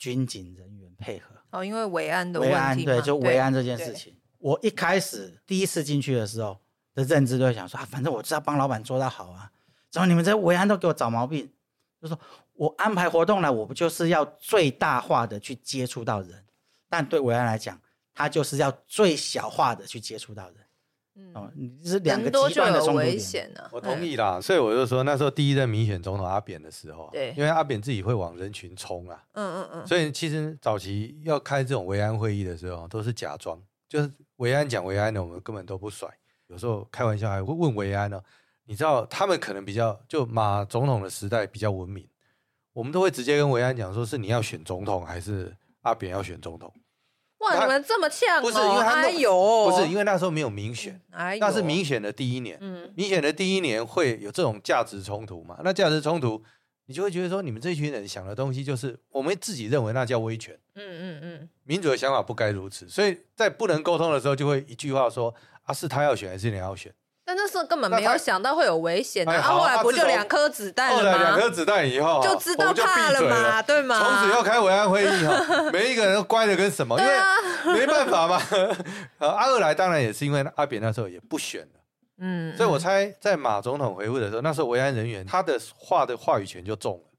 軍警人員配合哦。因為維安的問題，對，就維安這件事情，我一開始第一次進去的時候的認知，就想說啊，反正我就要幫老板做到好啊。怎麼你們這維安都給我找毛病？就說，我安排活動呢，我不就是要最大化的去接觸到人？但對維安來講，他就是要最小化的去接觸到人，嗯，你是兩個極端的，多危險呢、啊。我同意啦，所以我就說那時候第一任民選總統阿扁的時候，對，因為阿扁自己會往人群衝啊，嗯嗯嗯，所以其實早期要開這種維安會議的時候，都是假裝，就是維安講維安的，我們根本都不甩。有時候開玩笑還會問維安呢、啊，你知道他們可能比較就馬總統的時代比較文明，我們都會直接跟維安講，說是你要選總統還是阿扁要選總統。哇，你們這麼嗆、哦？不是，因為他沒有、哎哦，不是因為那時候沒有民選，嗯哎、那是民選的第一年，嗯，民選的第一年會有這種價值衝突嘛？那價值衝突，你就會覺得說，你們這群人想的東西就是我們自己認為那叫威權，嗯嗯嗯，民主的想法不該如此，所以在不能溝通的時候，就會一句話說：啊，是他要選還是你要選？但那時候根本沒有想到會有危險的，啊，然後來，不就兩顆子彈嗎？後來兩顆子彈以後，啊、就知道怕了嘛，了對嗎？從此要開維安會議後， 每一個人都乖的跟什麼，啊，因為沒辦法嘛。阿、 啊、二來當然也是因為阿扁那時候也不選，嗯，所以我猜在馬總統回復的時候，那時候維安人員他的話的話語權就重了，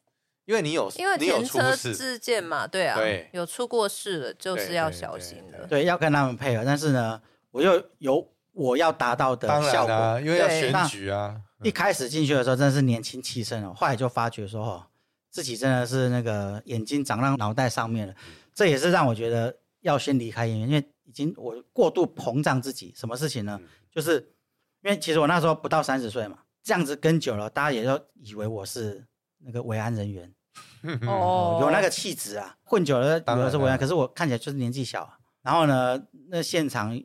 因為你有因為前車你有出事件嘛，啊，對啊，有出過事了就是要小心的，對，要跟他們配合。但是呢，我又有。有我要達到的效果、啊，因為要選舉啊！一開始進去的時候，真的是年輕氣盛哦。後來就發覺說、喔，哦，自己真的是那個眼睛長到腦袋上面了、嗯。這也是讓我覺得要先離開演員，因為已經我過度膨脹自己。什麼事情呢？嗯、就是因為其實我那時候不到三十歲嘛，這樣子跟久了，大家也都以為我是那個維安人員呵呵。哦，有那個氣質啊，混久了的當然是維安，可是我看起來就是年紀小。然後呢，那現場。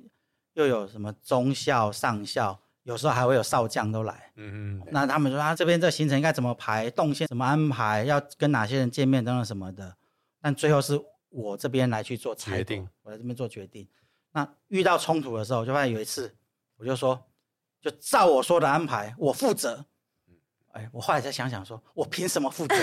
又有什麼中校、上校，有時候還會有少將都來。嗯嗯，嗯，那他們說啊，這邊這行程應該怎麼排，動線怎麼安排，要跟哪些人見面等等什麼的。但最後是我這邊來去做裁定，我來這邊做決定。那遇到衝突的時候，就發現有一次，我就說，就照我說的安排，我負責。哎、欸，我後來再想想說，說我憑什麼負責？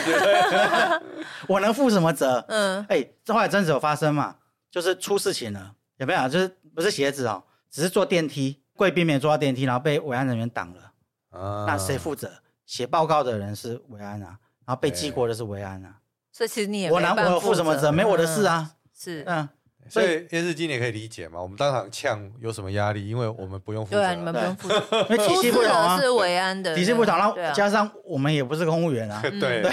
我能負什麼責？嗯，哎、欸，這後來真的有發生嘛？就是出事情了，有沒有？就是不是鞋子哦。只是坐電梯，貴賓沒坐到電梯，然後被維安人員擋了。啊、那誰負責？寫報告的人是維安啊，然後被記過的是維安啊。所以其實你也負責我男朋友負什麼責,責？沒我的事啊。嗯、是，嗯，所以厭世姬也可以理解嘛。我們當場嗆有什麼壓力？因為我們不用負責,、啊啊、責。對，啊你們不用負責。因為體系不同啊。是維安的。體系不同，然後加上我們也不是公務員啊。對啊 對，對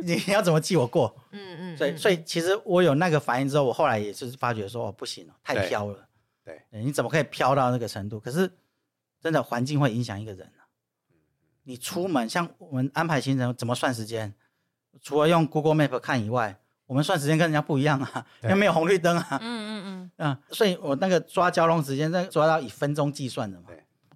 你要怎麼記我過？ 嗯嗯,嗯。所以所以其實我有那個反應之後，我後來也是發覺說，哦，不行太飄了。對，你怎麼可以飄到那個程度？可是真的環境會影響一個人啊。你出門像我們安排行程怎麼算時間？除了用 Google Map 看以外，我們算時間跟人家不一樣啊，因為沒有紅綠燈啊。嗯嗯嗯。啊，所以我那個抓交通時間，那抓到以分鐘計算的嘛。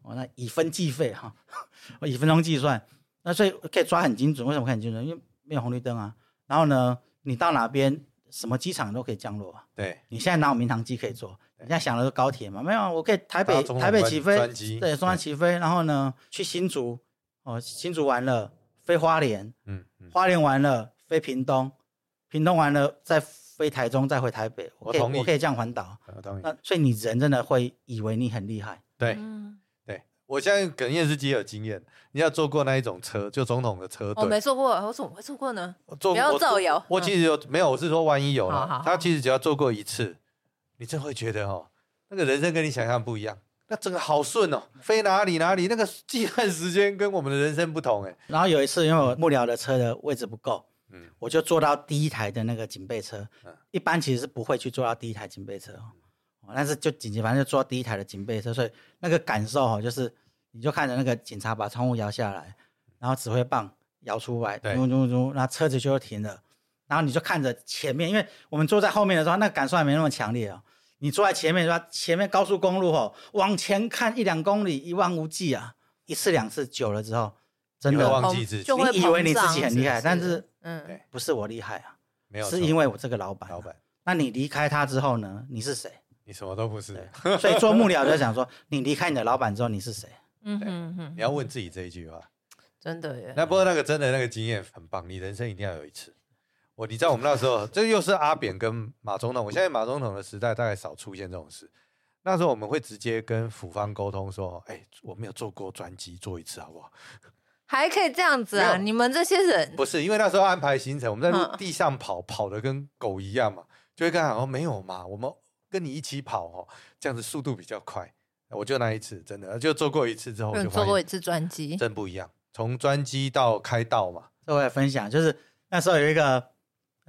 我那以分計費哈，啊， 我以分鐘計算，那所以可以抓很精準。為什麼可以很精準？因為沒有紅綠燈啊。然後呢，你到哪邊？什麼機場都可以降落。啊，對，你現在哪有民航機可以坐？你現在想的是高鐵嘛？沒有，我可以台北台北起飛，對，松山起飛，然後呢，去新竹，哦、呃，新竹完了，飛花蓮。嗯，嗯，花蓮完了，飛屏東，屏東完了再飛台中，再回台北，我，我可以我可以這樣環島。我同意。那所以你人真的會以為你很厲害。對。嗯我相信肯定也是極有經驗，你要坐過那一種車，就總統的車隊。我沒坐過，啊，我怎麼會坐過呢？我坐，不要造謠，有，嗯，我其實有沒有，我是說萬一有、嗯、他其實只要坐過一次，你真會覺得哦，那個人生跟你想象不一樣。那整個好順哦、喔嗯，飛哪裡哪裡，那個計算時間跟我們的人生不同、欸、然後有一次，因為我幕僚的車的位置不夠，嗯，我就坐到第一台的那個警備車。嗯，一般其實是不會去坐到第一台警備車但是就緊急，反正就坐第一台的警備車，所以那個感受哈、喔，就是你就看着那個警察把窗戶搖下來，然後指揮棒搖出來，對，咕咕咕，然後車子就停了。然後你就看着前面，因為我們坐在後面的時候，那個感受還沒那麼強烈哦、喔，你坐在前面說，前面高速公路哈、喔，往前看一兩公里，一望無際啊。一次兩次，久了之後，真的就以為你自己很厲害，但是，是，是嗯，不是我厲害啊，沒有，是因為我這個老闆啊，老闆，那你離開他之後呢？你是誰？你什麼都不是，所以做幕僚就想說， 你離開你的老板之後你是誰？嗯哼，嗯哼，你要問自己這一句話，真的耶。那不過那個真的那個經驗很棒，你人生一定要有一次。我你知道，我們那時候，這又是阿扁跟馬總統。我現在馬總統的時代大概少出現這種事。那時候我們會直接跟府方溝通說，哎、欸，我們沒有做過專機，做一次好不好？還可以這樣子啊？你們這些人不是因為那時候安排行程，我們在地上跑，、嗯、跑得跟狗一樣嘛，就會跟他說沒有嘛，我們。跟你一起跑哦，這樣子速度比較快。我就那一次，真的就坐過一次之後，就坐過一次專機，真不一樣。從專機到開道嘛。我也分享就是那時候有一個，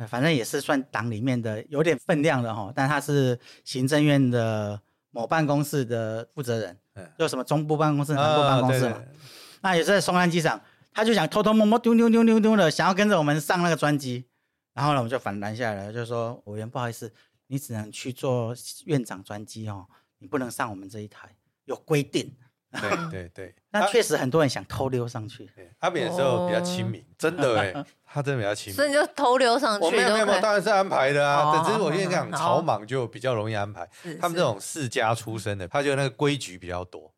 反正也是算黨裡面的有點分量的哈，但他是行政院的某辦公室的負責人、嗯，就什麼中部辦公室、呃、南部辦公室嘛。對對對那也是在松山機場，他就想偷偷摸摸丟丢丢丢丟的，想要跟着我們上那個專機，然後呢，我們就反攔下來了，就說委員，不好意思。你只能去做院長專機哦，你不能上我們這一台，有規定。對對對， 那確實很多人想偷溜上去。他、阿扁的時候比較親民、哦，真的哎、欸嗯嗯，他真的比較親民。所以你就偷溜上去，我妹妹妹都當然是安排的啊。但、哦、其實我跟你講，草莽就比較容易安排，他們這種世家出身的，他就那個規矩比較多。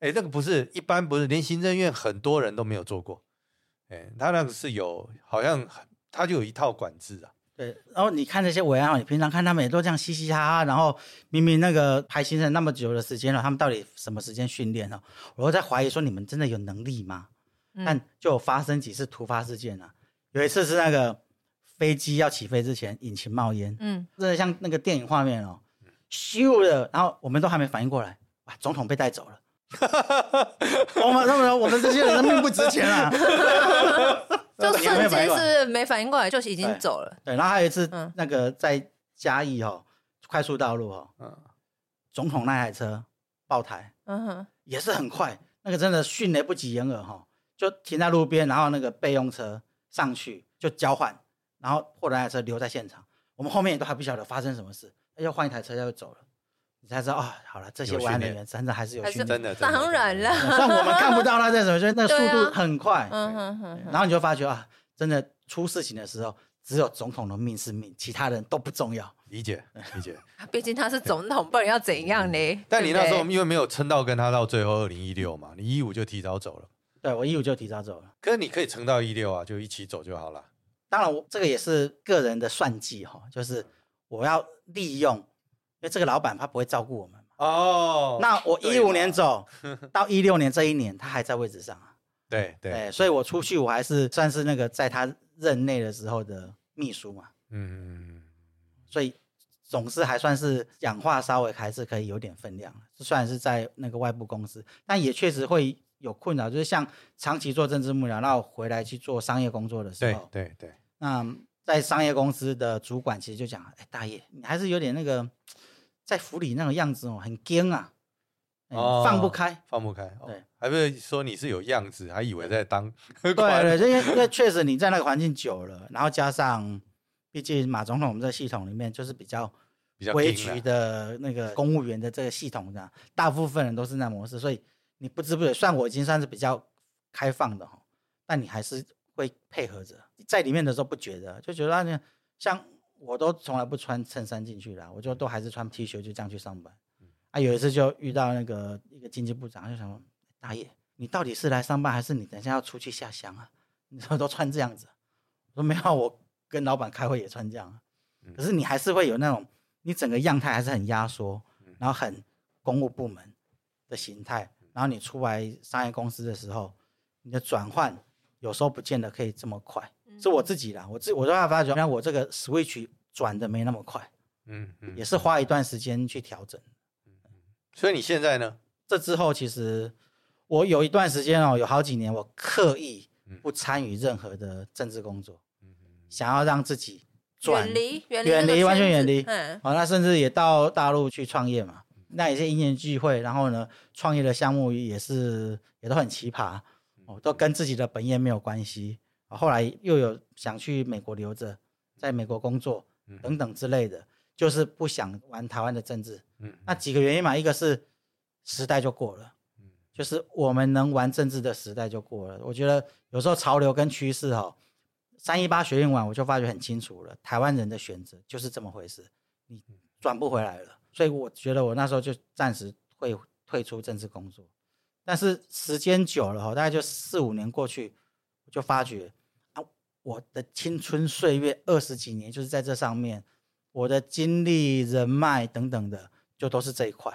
哎、欸，那個不是一般，不是連行政院很多人都沒有做過。哎、欸，他那個是有，好像他就有一套管制啊。對，然後你看那些文案，你平常看他們也都這樣嘻嘻哈哈，然後明明那個排行程那麼久的時間了，他們到底什麼時間訓練呢、啊？我都在懷疑說你們真的有能力嗎？嗯、但就有發生幾次突發事件了，有一次是那個飛機要起飛之前引擎冒煙，嗯，真的像那個電影畫面哦，咻的，然後我們都還沒反應過來，哇、啊，總統被帶走了，我 們、我們、我們這些人的命不值錢啊！ 就瞬間是沒反應過來，就已經走了對。對，然後還有一次，那個在嘉義哦，嗯、快速道路哈、哦嗯，總統那台車爆胎，嗯哼，也是很快，那個真的迅雷不及掩耳哈，就停在路邊，然後那個備用車上去就交換，然後後來那台車留在現場，我們後面也都還不曉得發生什麼事，要換一台車要走了。你才知道啊、哦，好了，這些外面人真的還是有心，真的，當然了，像我們看不到他在什麼 所以那速度很快，嗯、啊、然後你就發覺啊，真的出事情的時候，只有總統的命是命，其他人都不重要。理解，理解。 畢竟他是總統，不然要怎樣呢？但你那時候因為沒有撐到跟他到最後二零一六嘛，你一五就提早走了。對，我一五就提早走了。可是你可以撐到一六啊，就一起走就好了。當然，我這個也是個人的算計哈，就是我要利用。因為這個老闆他不會照顧我們哦。Oh, 那我一五年走 到一六年這一年，他還在位置上、啊、對對、對，所以我出去我還是算是那個在他任內的時候的祕書嘛。嗯，所以總是還算是講話稍微還是可以有點分量，雖算是在那個外部公司，但也確實會有困擾。就是像長期做政治幕僚，然後回來去做商業工作的時候，對對對。那。嗯在商業公司的主管其實就講：“哎、欸，大業，你還是有點那個，在府裡那種樣子哦，很僵啊、欸哦，放不開，放不開。對”對、哦，還不是說你是有樣子，還以為在當。 對，對對， 因為那確實你在那個環境久了，然後加上畢竟馬總統我們這個系統裡面就是比較比較規矩的那個公務員的這個系統的，大部分人都是那模式，所以你不知不覺，算我已經算是比較開放的哈，但你還是會配合着。在裡面的時候不覺得，就覺得像我都從來不穿襯衫進去的，啊，我就都還是穿 T 恤就這樣去上班。嗯，啊，有一次就遇到那個一個經濟部長，就想說：“大爺，你到底是來上班還是你等一下要出去下鄉啊？你怎麼都穿這樣子？”我說：“沒有，我跟老闆開會也穿這樣，啊。嗯”可是你還是會有那種你整個樣態還是很壓縮，嗯，然後很公務部門的形態。然後你出來商業公司的時候，你的轉換。有時候不見得可以這麼快，嗯、是我自己啦。我自我突然發覺，那我這個 switch 轉的沒那麼快，嗯，嗯，也是花一段時間去調整、嗯。所以你現在呢？這之後其實我有一段時間哦，有好幾年我刻意不參與任何的政治工作，嗯、想要讓自己遠離、遠離、完全遠離。嗯、哦，那甚至也到大陸去創業嘛，那也是因緣際會。然後呢，創業的項目也是也都很奇葩。哦，都跟自己的本業沒有關係。後來又有想去美國留着，在美國工作等等之類的，就是不想玩台灣的政治。那幾個原因嘛，一個是時代就過了，就是我們能玩政治的時代就過了。我覺得有時候潮流跟趨勢哦，三一八學運完我就發覺很清楚了，台灣人的選擇就是這麼回事，你轉不回來了。所以我覺得我那時候就暫時會退出政治工作。但是時間久了，吼，大概就四五年過去，就發覺啊，我的青春歲月二十幾年就是在這上面，我的精力、人脈等等的，就都是這一塊。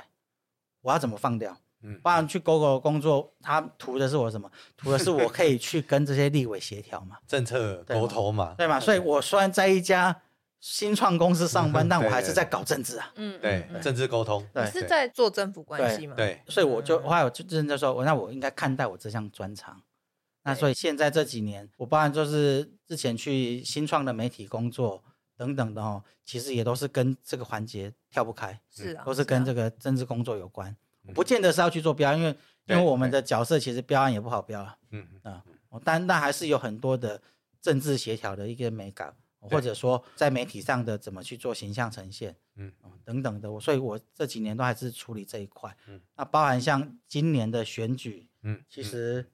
我要怎麼放掉？嗯，不然去狗狗工作，他圖的是我什麼？圖的是我可以去跟這些立委協調嘛， 政策溝通嘛，對嘛？對 okay. 所以，我雖然在一家新創公司上班， 但我還是在搞政治啊。嗯，對，政治溝通，你是在做政府關係嘛？對，所以我就、嗯、我後來就認真說我，那我應該看待我這項專長。那所以現在這幾年，我包含就是之前去新創的媒體工作等等的哦，其實也都是跟這個環節跳不開，是、啊，都是跟這個政治工作有關。我、啊嗯啊、不見得是要去做標案，因為因為我們的角色其實標案也不好標啊。嗯，嗯但但還是有很多的政治協調的一個美感。或者說在媒體上的怎麼去做形象呈現，嗯、哦，等等的，我所以我這幾年都還是處理這一塊，嗯，那包含像今年的選舉，嗯，其實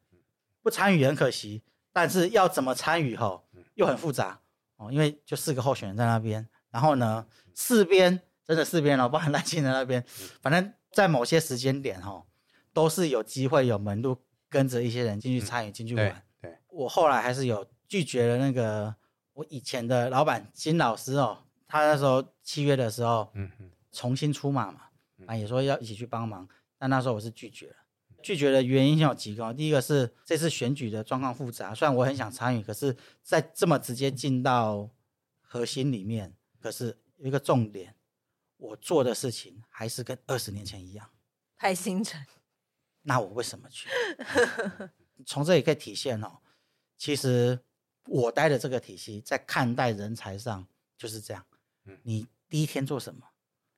不參與很可惜，但是要怎麼參與哈、哦，又很複雜哦，因為就四個候選人在那邊，然後呢，四邊真的四邊了、哦，包含賴清德那邊、嗯，反正在某些時間點哈、哦，都是有機會有門路跟着一些人進去參與、嗯、進去玩對，對，我後來還是有拒絕了那個。我以前的老闆金老師哦，他那時候七月的時候，重新出馬嘛，啊也說要一起去幫忙，但那時候我是拒絕了。拒絕的原因有幾個，第一個是這次選舉的狀況複雜，雖然我很想參與，可是在這麼直接進到核心裡面，可是有一個重點，我做的事情還是跟二十年前一樣，排行程。那我為什麼去？從 這裡可以體現哦，其實。我待的這個體系在看待人才上就是這樣。你第一天做什麼？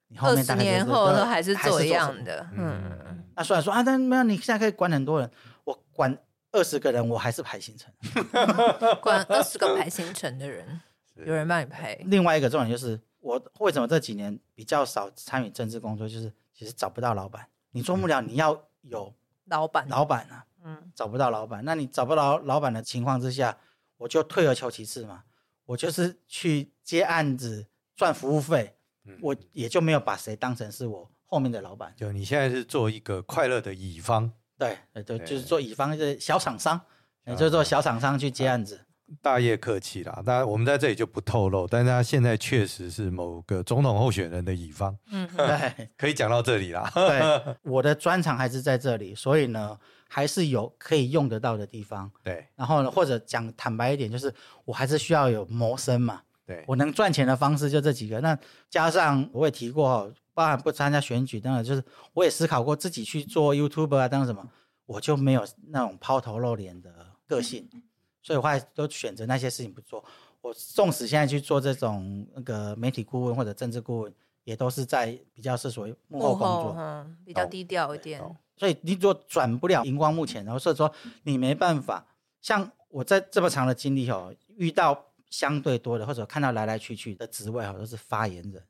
你二十、就是、年後都還是做一樣的。嗯。那雖然說，說啊，但沒有，你現在可以管很多人。我管二十個人，我還是排行程。 嗯、管二十個排行程的人 ，有人幫你排。另外一個重點就是，我為什麼這幾年比較少參與政治工作？就是其實找不到老闆，你做不了，嗯、你要有老闆、啊。老闆啊，嗯，找不到老闆。那你找不到老闆的情況之下，我就退而求其次嘛，我就是去接案子賺服務費。嗯，我也就沒有把誰當成是我後面的老闆。就你現在是做一個快樂的乙方，對對，對，對，對，對、就是、對，對，對就是做乙方，就是小廠商，你就做小廠商去接案子。嗯。大業客氣啦，當然我們在這裡就不透露。但是他現在確實是某個總統候選人的乙方，嗯，對 ，可以講到這裡啦。 對，我的專長還是在這裡，所以呢，還是有可以用得到的地方。對，然後呢，或者講坦白一點，就是我還是需要有謀生嘛。對，我能賺錢的方式就這幾個。那加上我也提過，包含不參加選舉等等，就是我也思考過自己去做 YouTube 啊，當什麼，我就沒有那種拋頭露臉的個性。嗯所以的話，都選擇那些事情不做。我縱使現在去做這種那個媒體顧問或者政治顧問，也都是在比較是所謂幕後工作後比較低調一點。哦哦。所以你如果轉不了熒光幕前，然後所以說你沒辦法。像我在這麼長的經歷哦、喔，遇到相對多的，或者看到來來去去的職位哦、喔，都是發言人。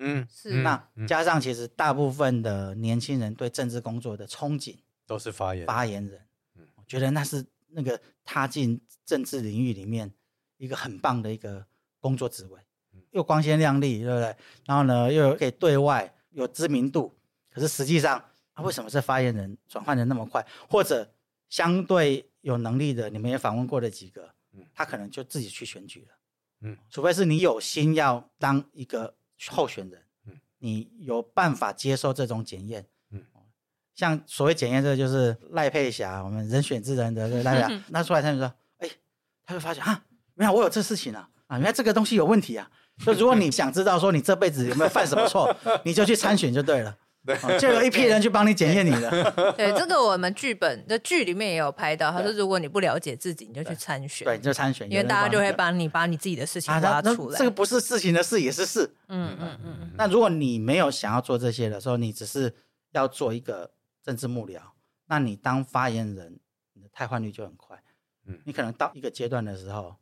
嗯，是。那加上其實大部分的年輕人對政治工作的憧憬都是發言發言人。我覺得那是。那個踏進政治領域裡面，一個很棒的一個工作職位，又光鮮亮麗，對不對？然後呢，又可以對外有知名度。可是實際上，他、啊、為什麼是發言人轉換的那麼快？或者相對有能力的，你們也訪問過的幾個，他可能就自己去選舉了。嗯，除非是你有心要當一個候選人，嗯，你有辦法接受這種檢驗。像所謂檢驗這個就是賴佩霞，我們人選之人的、嗯、那個，拿出來他就說，哎、欸，他就發現啊，沒有我有這事情啊，啊，原來這個東西有問題啊。就如果你想知道說你這輩子有沒有犯什麼錯， 你就去參選就對了、 哦，就有一批人去幫你檢驗你的。對, 對，這個我們劇本的劇裡面也有拍到，他說如果你不了解自己，你就去參選，對，你就參選，因為大家就會把你,會幫你把你自己的事情拿出來、啊。這個不是事情的事也是事。嗯嗯嗯,嗯。那如果你沒有想要做這些的時候，你只是要做一個。政治幕僚，那你當發言人，你的汰換率就很快，嗯。你可能到一個階段的時候，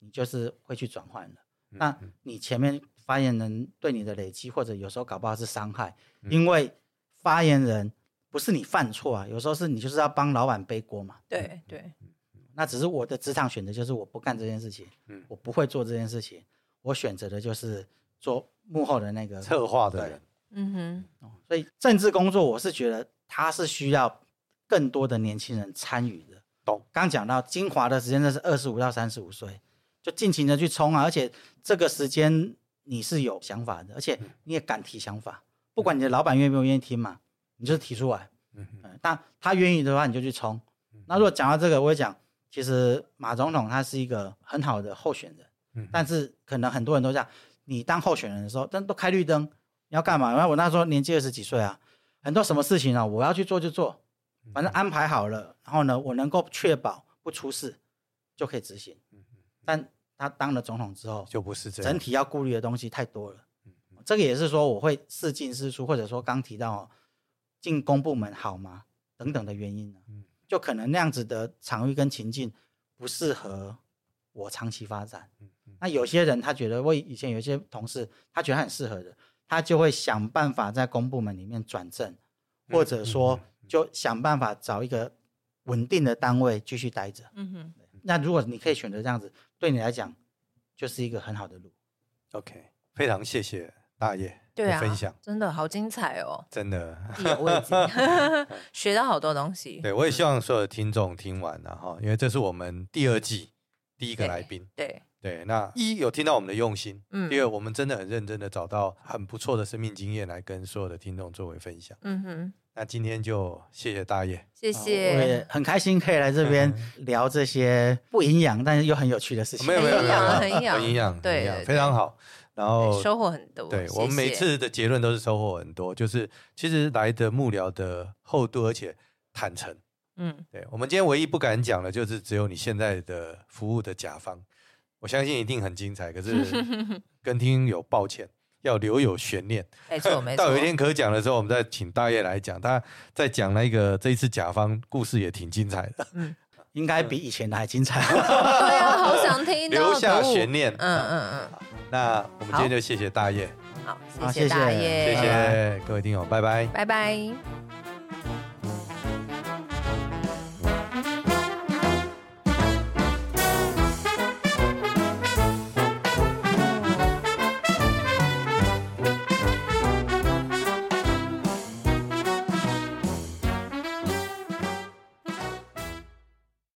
你就是會去轉換了，嗯嗯。那你前面發言人對你的累積，或者有時候搞不好是傷害，嗯，因為發言人不是你犯錯啊，有時候是你就是要幫老闆背鍋嘛。對、嗯、對、嗯，那只是我的職場選擇，就是我不幹這件事情，嗯，我不會做這件事情，我選擇的就是做幕後的那個策劃的人。嗯哼，所以政治工作，我是覺得。他是需要更多的年輕人參與的。懂。剛講到精華的時間，那是二十五到三十五歲，就盡情的去衝啊！而且這個時間你是有想法的，而且你也敢提想法，不管你的老板願不願意聽嘛，你就提出來。嗯嗯。但他願意的話，你就去衝。那如果講到這個，我會講，其實馬總統他是一個很好的候選人。嗯。但是可能很多人都講，你當候選人的時候，但都開綠燈，你要幹嘛？然後我那時候年紀二十幾歲啊。很多什麼事情啊，我要去做就做，反正安排好了，然後呢，我能夠確保不出事，就可以執行。但他當了總統之後，就不是這樣，整體要顧慮的東西太多了。這個也是說我會事進事出，或者說剛提到進公部門好嗎？等等的原因就可能那樣子的場域跟情境不適合我長期發展。那有些人他覺得我以前有一些同事，他覺得他很適合的。他就會想辦法在公部門裡面轉正、嗯，或者說就想辦法找一個穩定的單位繼續待着。嗯哼，那如果你可以選擇這樣子，對你來講就是一個很好的路。OK，非常謝謝大爺對、啊、分享，真的好精彩哦！真的，我 也學到好多東西。對，我也希望所有的聽眾聽完了後，因為這是我們第二季第一個來賓。對。對對，那一有聽到我們的用心，嗯，第二我們真的很認真的找到很不錯的生命經驗來跟所有的聽眾作為分享，嗯哼。那今天就謝謝大爺，謝謝，哦、我也很開心可以來這邊聊這些不營養、嗯、但是又很有趣的事情，沒有沒有，沒有，很，很，很，很營養很，營養，很營養，對，非常好。然後、嗯、收穫很多，對，謝謝我們每次的結論都是收穫很多，就是其實來的幕僚的厚度而且坦誠，嗯，對。我們今天唯一不敢講的，就是只有你現在的服務的甲方。我相信一定很精彩，可是跟聽友抱歉，要留有懸念，沒錯沒錯。到有一天可以講的時候，我們再請大業來講，他在講那個這一次甲方故事也挺精彩的，嗯、應該比以前的還精彩。 對啊，好想聽。留下懸念，嗯嗯嗯。那我們今天就謝謝大業，好，好謝謝大業，謝謝、啊、各位聽友，拜拜，拜拜。